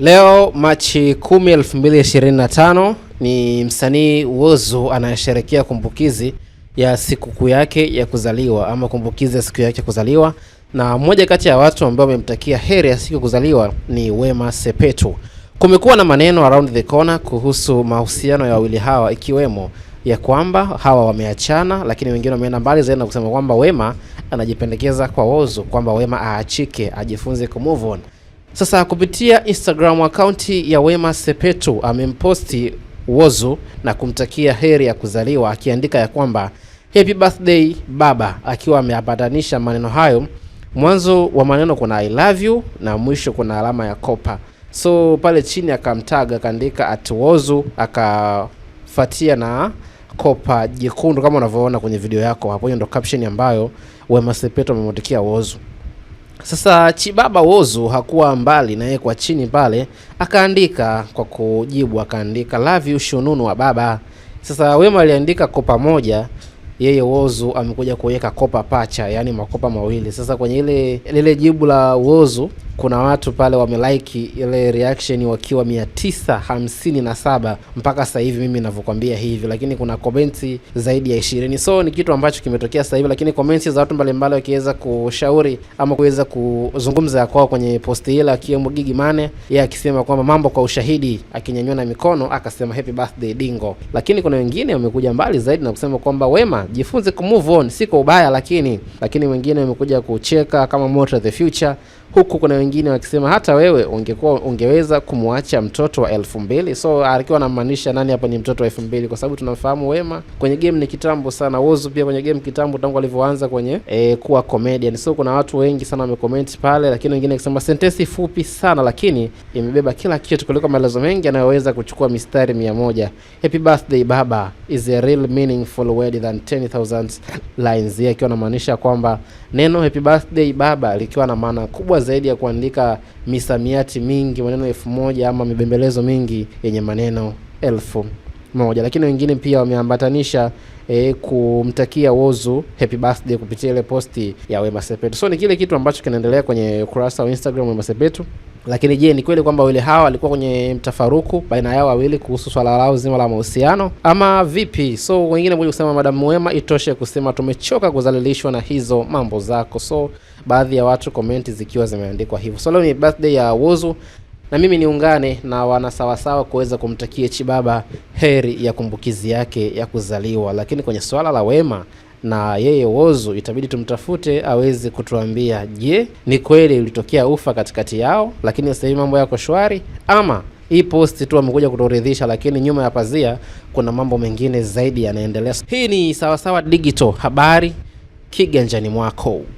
Leo Machi 10, 2025 ni msanii Whozu anayesherekea kumbukizi ya sikukuu yake ya kuzaliwa ama kumbukizi ya siku yake ya kuzaliwa, na mmoja kati ya watu ambao wamemtakia heri ya siku kuzaliwa ni Wema Sepetu. Kumekuwa na maneno around the corner kuhusu mahusiano ya wawili hawa, ikiwemo ya kwamba hawa wameachana, lakini wengine wameenda mbali zaidi na kusema kwamba Wema anajipendekeza kwa Whozu kwamba Wema aachike, ajifunze kumove on. Sasa kupitia Instagram akaunti ya Wema Sepetu amemposti Whozu na kumtakia heri ya kuzaliwa akiandika ya kwamba happy birthday baba, akiwa ameambatanisha maneno hayo. Mwanzo wa maneno kuna I love you na mwisho kuna alama ya kopa, so pale chini akamtaga akaandika at Whozu, akafatia na kopa jekundu kama unavyoona kwenye video yako hapo. Hiyo ndo caption ambayo Wema Sepetu amemwandikia Whozu. Sasa Chibaba Wozu hakuwa mbali na yeye kwa chini pale, akaandika kwa kujibu, akaandika love you shununu wa baba. Sasa Wema aliandika kopa moja, yeye Wozu amekuja kuweka kopa pacha, yaani makopa mawili. Sasa kwenye ile lile jibu la Wozu kuna watu pale wamelaiki ile reaction wakiwa 957 mpaka sasa hivi mimi navyokwambia hivi, lakini kuna komenti zaidi ya ishirini. So ni kitu ambacho kimetokea sasa hivi, lakini komenti za watu mbalimbali wakiweza kushauri ama kuweza kuzungumza kwao kwenye posti ile, akiwemo Gigi Mane, yeye akisema kwamba mambo kwa ushahidi, akinyanyua na mikono akasema happy birthday Dingo. Lakini kuna wengine wamekuja mbali zaidi na kusema kwamba Wema, jifunze ku move on, si kwa ubaya, lakini lakini wengine wamekuja kucheka kama Motor the Future huku kuna wengine wakisema hata wewe ungekuwa ungeweza kumwacha mtoto wa elfu mbili. So alikuwa anamaanisha nani hapa? Ni mtoto wa elfu mbili, kwa sababu tunamfahamu Wema kwenye game ni kitambo sana, wozu pia kwenye game kitambo, tangu alivyoanza kwenye e, kuwa comedian. So kuna watu wengi sana wamecomment pale, lakini wengine wakisema sentensi fupi sana, lakini imebeba kila kitu kuliko maelezo mengi anayoweza kuchukua mistari mia moja. Happy birthday baba is a real meaningful word than 10000 lines, yeye akiwa anamaanisha kwamba neno happy birthday baba likiwa na maana kubwa kubwa zaidi ya kuandika misamiati mingi, maneno elfu moja ama mibembelezo mingi yenye maneno elfu moja, lakini wengine pia wameambatanisha e, kumtakia wozu happy birthday kupitia ile posti ya Wema Sepetu. So ni kile kitu ambacho kinaendelea kwenye ukurasa wa Instagram Wema Sepetu. Lakini je, ni kweli kwamba wawili hawa walikuwa kwenye mtafaruku baina yao wawili kuhusu swala lao zima la mahusiano ama vipi? So wengine kuja kusema madamu Wema, itoshe kusema tumechoka kuzalilishwa na hizo mambo zako. So baadhi ya watu komenti zikiwa zimeandikwa hivyo. So leo ni birthday ya wozu na mimi niungane na wanasawasawa kuweza kumtakia Chibaba heri ya kumbukizi yake ya kuzaliwa, lakini kwenye swala la Wema na yeye Whozu itabidi tumtafute aweze kutuambia, je, ni kweli ulitokea ufa katikati yao, lakini sasa hivi mambo yako shwari, ama hii posti tu amekuja kutoridhisha, lakini nyuma ya pazia kuna mambo mengine zaidi yanaendelea. Hii ni Sawasawa Digital, habari kiganjani mwako.